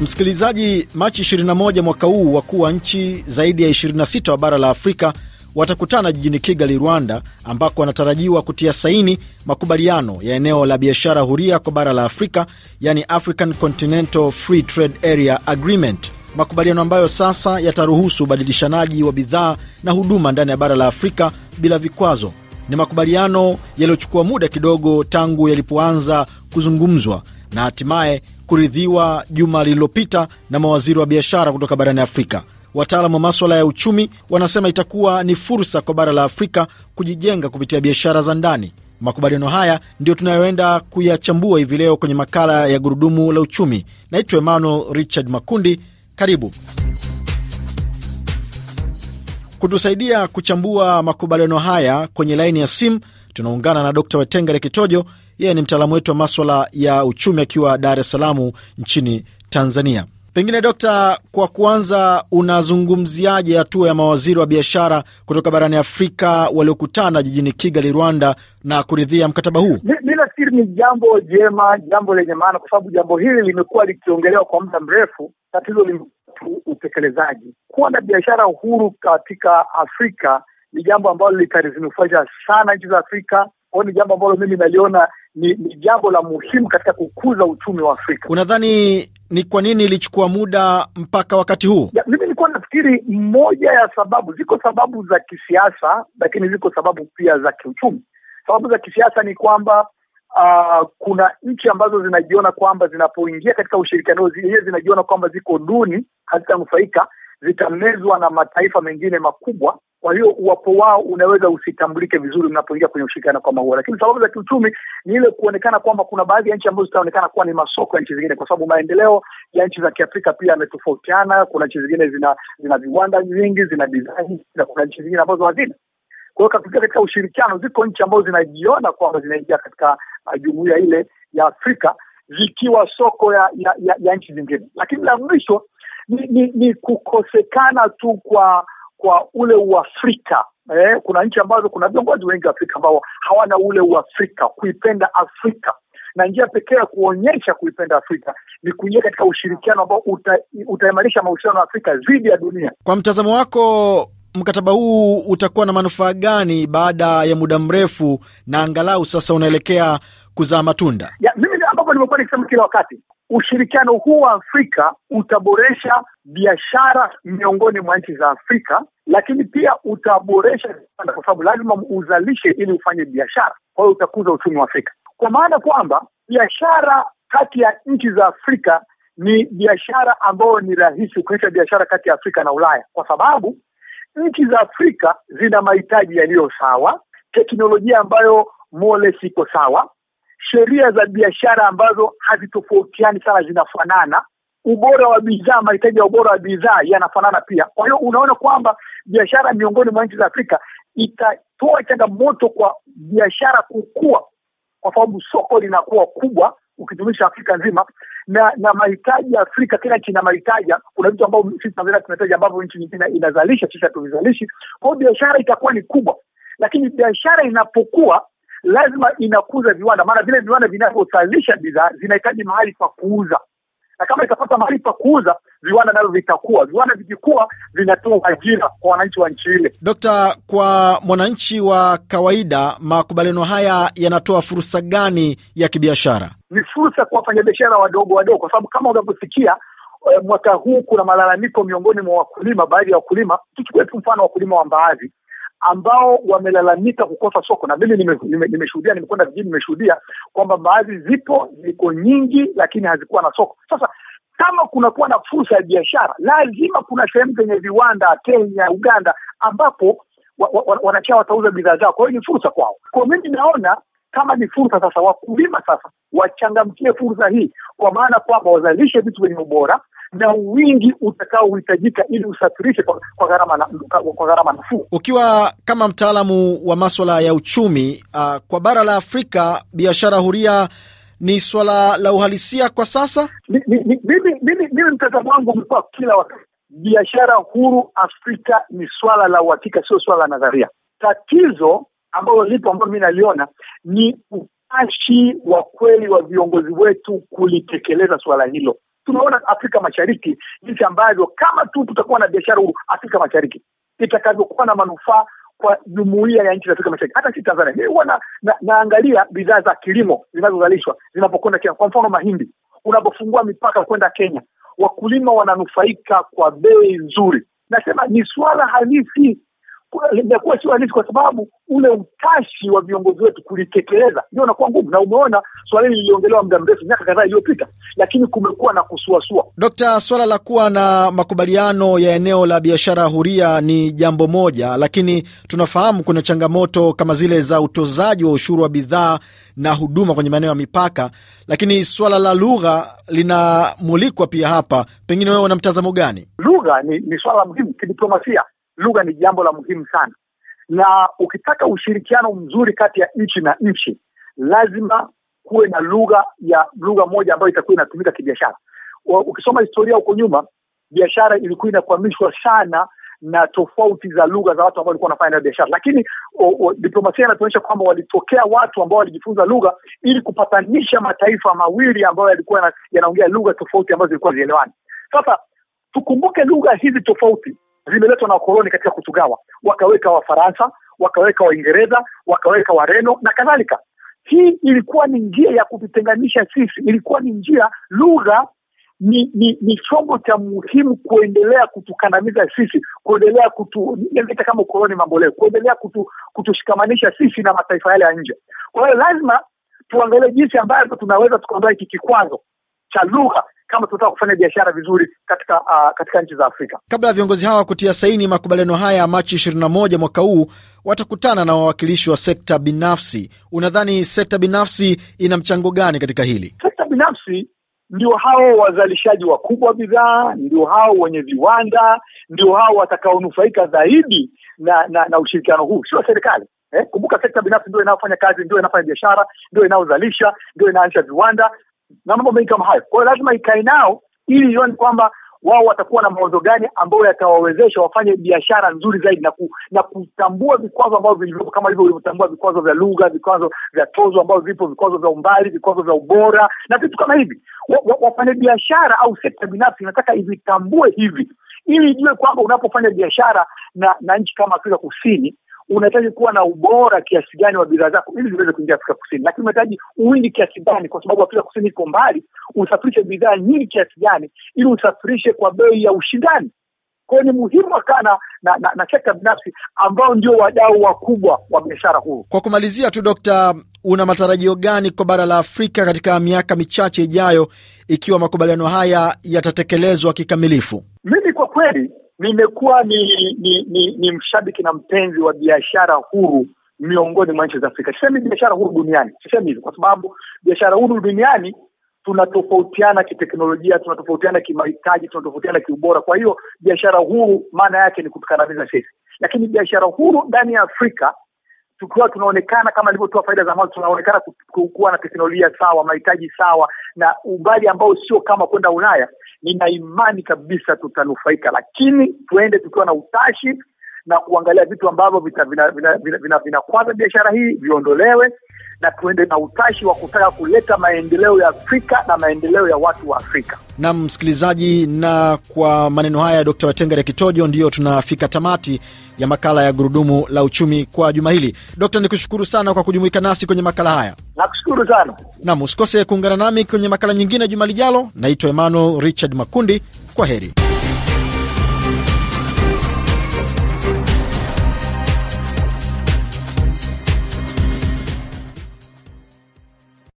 Msikilizaji, Machi 21 mwaka huu wakuu wa nchi zaidi ya 26 wa bara la Afrika watakutana jijini Kigali, Rwanda, ambako wanatarajiwa kutia saini makubaliano ya eneo la biashara huria kwa bara la Afrika, yani African Continental Free Trade Area Agreement, makubaliano ambayo sasa yataruhusu ubadilishanaji wa bidhaa na huduma ndani ya bara la Afrika bila vikwazo. Ni makubaliano yaliyochukua muda kidogo tangu yalipoanza kuzungumzwa na hatimaye kuridhiwa juma lililopita na mawaziri wa biashara kutoka barani Afrika. Wataalamu wa maswala ya uchumi wanasema itakuwa ni fursa kwa bara la Afrika kujijenga kupitia biashara za ndani. Makubaliano haya ndiyo tunayoenda kuyachambua hivi leo kwenye makala ya Gurudumu la Uchumi. Naitwa Emmanuel Richard Makundi. Karibu kutusaidia kuchambua makubaliano haya. Kwenye laini ya simu tunaungana na Dr. Wetengere Kitojo yeye ni mtaalamu wetu wa maswala ya uchumi akiwa Dar es Salaam nchini Tanzania. Pengine Dokta, kwa kuanza, unazungumziaje hatua ya mawaziri wa biashara kutoka barani Afrika waliokutana jijini Kigali, Rwanda, na kuridhia mkataba huu? Mi nafikiri ni jambo jema, jambo lenye maana, kwa sababu jambo hili limekuwa likiongelewa kwa muda mrefu. Tatizo limekuwa utekelezaji. Kuwa na biashara huru katika Afrika ni jambo ambalo litazinufaisha sana nchi za Afrika kwa ni jambo ambalo mimi naliona ni, ni jambo la muhimu katika kukuza uchumi wa Afrika. Unadhani ni kwa nini ilichukua muda mpaka wakati huu? Ya, mimi nilikuwa nafikiri moja ya sababu, ziko sababu za kisiasa, lakini ziko sababu pia za kiuchumi. Sababu za kisiasa ni kwamba Uh, kuna nchi ambazo zinajiona kwamba zinapoingia katika ushirikiano zenyewe zinajiona kwamba ziko duni, hazitanufaika zitamezwa na mataifa mengine makubwa kwa hiyo uwapo wao unaweza usitambulike vizuri mnapoingia kwenye ushirikiano kwa maua lakini sababu za kiuchumi ni ile kuonekana kwamba kuna baadhi ya nchi ambazo zitaonekana kuwa ni masoko ya nchi zingine, kwa sababu maendeleo ya nchi za Kiafrika pia yametofautiana. Kuna nchi zingine zina zina viwanda vingi, zina bidhaa na kuna nchi zingine ambazo hazina. Kwa hiyo katika, katika ushirikiano ziko nchi ambazo zinajiona kwamba zinaingia katika uh, jumuia ile ya Afrika zikiwa soko ya, ya, ya, ya nchi zingine, lakini la mwisho ni, ni, ni kukosekana tu kwa kwa ule uafrika eh, kuna nchi ambazo kuna viongozi wengi Afrika ambao hawana ule uafrika, kuipenda Afrika na njia pekee ya kuonyesha kuipenda Afrika ni kuingia katika ushirikiano ambao uta, utaimarisha mahusiano ya Afrika dhidi ya dunia. Kwa mtazamo wako, mkataba huu utakuwa na manufaa gani baada ya muda mrefu na angalau sasa unaelekea kuzaa matunda? Ya, mimi ambapo nimekuwa nikisema kila wakati, ushirikiano huu wa Afrika utaboresha biashara miongoni mwa nchi za Afrika, lakini pia utaboresha viwanda, kwa sababu lazima uzalishe ili ufanye biashara. Kwa hiyo utakuza uchumi wa Afrika, kwa maana kwamba biashara kati ya nchi za Afrika ni biashara ambayo ni rahisi kuonyesha biashara kati ya Afrika na Ulaya, kwa sababu nchi za Afrika zina mahitaji yaliyo sawa, teknolojia ambayo mole siko sawa sheria za biashara ambazo hazitofautiani sana, zinafanana. Ubora wa bidhaa, mahitaji ya ubora wa bidhaa yanafanana pia. Kwa hiyo unaona kwamba biashara miongoni mwa nchi za Afrika itatoa changamoto kwa biashara kukua, kwa sababu soko linakuwa kubwa ukitumisha Afrika nzima na na mahitaji ya Afrika, kila nchi ina mahitaji. Kuna vitu ambavyo sisi Tanzania tunahitaji ambavyo nchi nyingine inazalisha, sisi hatuvizalishi. Kwa hiyo biashara itakuwa ni kubwa, lakini biashara inapokuwa lazima inakuza viwanda, maana vile viwanda vinavyozalisha bidhaa zinahitaji mahali pa kuuza, na kama itapata mahali pa kuuza, viwanda navyo vitakuwa. Viwanda vikikuwa, vinatoa ajira kwa wananchi wa nchi ile. Dokta, kwa mwananchi wa kawaida, makubaliano haya yanatoa fursa gani ya kibiashara? Ni fursa kwa wafanyabiashara wadogo wadogo, kwa sababu kama unavyosikia eh, mwaka huu kuna malalamiko miongoni mwa wakulima, baadhi ya wakulima. Tuchukue tu mfano wakulima wa mbaazi ambao wamelalamika kukosa soko, na mimi nimeshuhudia, nime, nime nimekwenda vijijini, nimeshuhudia kwamba baadhi zipo ziko nyingi, lakini hazikuwa na soko. Sasa kama kunakuwa na fursa ya biashara, lazima kuna sehemu zenye viwanda Kenya, Uganda, ambapo wa, wa, wa, watauza bidhaa zao. Kwa hiyo ni fursa kwao. Kwa mimi naona kama ni fursa sasa, wakulima sasa wachangamkie fursa hii, kwa maana kwamba wazalishe vitu vyenye ubora na wingi utakaohitajika ili usafirishe kwa, gharama na, kwa gharama nafuu. Ukiwa kama mtaalamu wa maswala ya uchumi uh, kwa bara la Afrika biashara huria ni swala la uhalisia kwa sasa. Mimi mtazamo wangu umekuwa kila wakati, biashara huru Afrika ni swala la uhakika, sio swala la nadharia. Tatizo ambalo lipo ambalo mi naliona ni utashi wa kweli wa viongozi wetu kulitekeleza swala hilo tunaona Afrika Mashariki jinsi ambavyo kama tu tutakuwa na biashara huru Afrika Mashariki itakavyokuwa na manufaa kwa jumuiya ya nchi za Afrika Mashariki. Hata si Tanzania huwa na, na, naangalia bidhaa za kilimo zinazozalishwa zinapokwenda Kenya, kwa mfano mahindi. Unapofungua mipaka kwenda Kenya, wakulima wananufaika kwa bei nzuri. Nasema ni swala halisi limekuwa si halisi, kwa sababu ule utashi wa viongozi wetu kulitekeleza ndio unakuwa ngumu, na umeona swala hili liliongelewa muda mrefu, miaka kadhaa iliyopita, lakini kumekuwa na kusuasua. Dokta, swala la kuwa na makubaliano ya eneo la biashara huria ni jambo moja, lakini tunafahamu kuna changamoto kama zile za utozaji wa ushuru wa bidhaa na huduma kwenye maeneo ya mipaka, lakini swala la lugha linamulikwa pia hapa. Pengine wewe una mtazamo gani? Lugha ni, ni swala muhimu kidiplomasia lugha ni jambo la muhimu sana, na ukitaka ushirikiano mzuri kati ya nchi na nchi lazima kuwe na lugha ya lugha moja ambayo itakuwa inatumika kibiashara. Ukisoma historia huko nyuma, biashara ilikuwa inakwamishwa sana na tofauti za lugha za watu ambao walikuwa wanafanya nayo biashara, lakini o, o, diplomasia inatuonyesha kwamba walitokea watu ambao walijifunza lugha ili kupatanisha mataifa mawili ambayo yalikuwa yanaongea lugha tofauti ambazo zilikuwa zielewani. Sasa tukumbuke lugha hizi tofauti zimeletwa na wakoloni katika kutugawa, wakaweka Wafaransa, wakaweka Waingereza, wakaweka Wareno na kadhalika. Hii ilikuwa ni njia ya kututenganisha sisi, ilikuwa ni njia, lugha ni ni ni chombo cha muhimu kuendelea kutukandamiza sisi, kuendelea kutu kama ukoloni mamboleo, kuendelea kutu, kutushikamanisha sisi na mataifa yale ya nje. Kwa hiyo lazima tuangalie jinsi ambavyo tunaweza tukaondoa hiki kikwazo cha lugha kama tunataka kufanya biashara vizuri katika uh, katika nchi za Afrika. Kabla ya viongozi hawa kutia saini makubaliano haya Machi 21 mwaka huu, watakutana na wawakilishi wa sekta binafsi. Unadhani sekta binafsi ina mchango gani katika hili? Sekta binafsi ndio hao wazalishaji wakubwa wa bidhaa, ndio hao wenye viwanda, ndio hao watakaonufaika zaidi na, na, na ushirikiano huu, sio serikali. Eh, kumbuka sekta binafsi ndio inayofanya kazi, ndio inafanya biashara, ndio inayozalisha, ndio inaanzisha viwanda, na mambo mengi kama hayo. Kwa hiyo lazima ikae nao ili ione kwamba wao watakuwa na mawazo gani ambayo yatawawezesha wafanye biashara nzuri zaidi na, ku, na kutambua vikwazo ambavyo vilivyopo kama hivyo ulivyotambua vikwazo vya lugha, vikwazo vya tozo ambavyo vipo, vikwazo vya umbali, vikwazo vya ubora na vitu kama hivi. Wafanye biashara au sekta binafsi inataka ivitambue hivi ili ijue kwamba unapofanya biashara na, na nchi kama Afrika Kusini unahitaji kuwa na ubora kiasi gani wa bidhaa zako ili ziweze kuingia Afrika Kusini, lakini unahitaji uwingi kiasi gani, kwa sababu Afrika Kusini iko mbali, usafirishe bidhaa nyingi kiasi gani ili usafirishe kwa bei ya ushindani. Kwa hiyo ni muhimu akana na, na, na, sekta binafsi ambao ndio wadau wakubwa wa biashara huu. Kwa kumalizia tu, Dokta, una matarajio gani kwa bara la Afrika katika miaka michache ijayo ikiwa makubaliano haya yatatekelezwa kikamilifu? Mimi kwa kweli nimekuwa ni ni, ni ni mshabiki na mpenzi wa biashara huru miongoni mwa nchi za Afrika. Sisemi biashara huru duniani, sisemi hivyo, kwa sababu biashara huru duniani tunatofautiana kiteknolojia, tunatofautiana kimahitaji, tunatofautiana kiubora. Kwa hiyo biashara huru maana yake ni kutukandamiza sisi, lakini biashara huru ndani ya Afrika tukiwa tunaonekana kama ilivyotoa faida za mwanzo, tunaonekana kuwa na teknolojia sawa, mahitaji sawa, na umbali ambao sio kama kwenda Ulaya, nina imani kabisa tutanufaika, lakini tuende tukiwa na utashi na kuangalia vitu ambavyo vinakwaza vina, vina, vina, vina biashara hii viondolewe, na tuende na utashi wa kutaka kuleta maendeleo ya Afrika na maendeleo ya watu wa Afrika. Naam msikilizaji, na kwa maneno haya Dkt. Watengere Kitojo, ndiyo tunafika tamati ya makala ya Gurudumu la Uchumi kwa juma hili. Dokta, nikushukuru sana kwa kujumuika nasi kwenye makala haya. Nakushukuru sana nam, usikose kuungana nami kwenye makala nyingine juma lijalo. Naitwa Emmanuel Richard Makundi, kwa heri.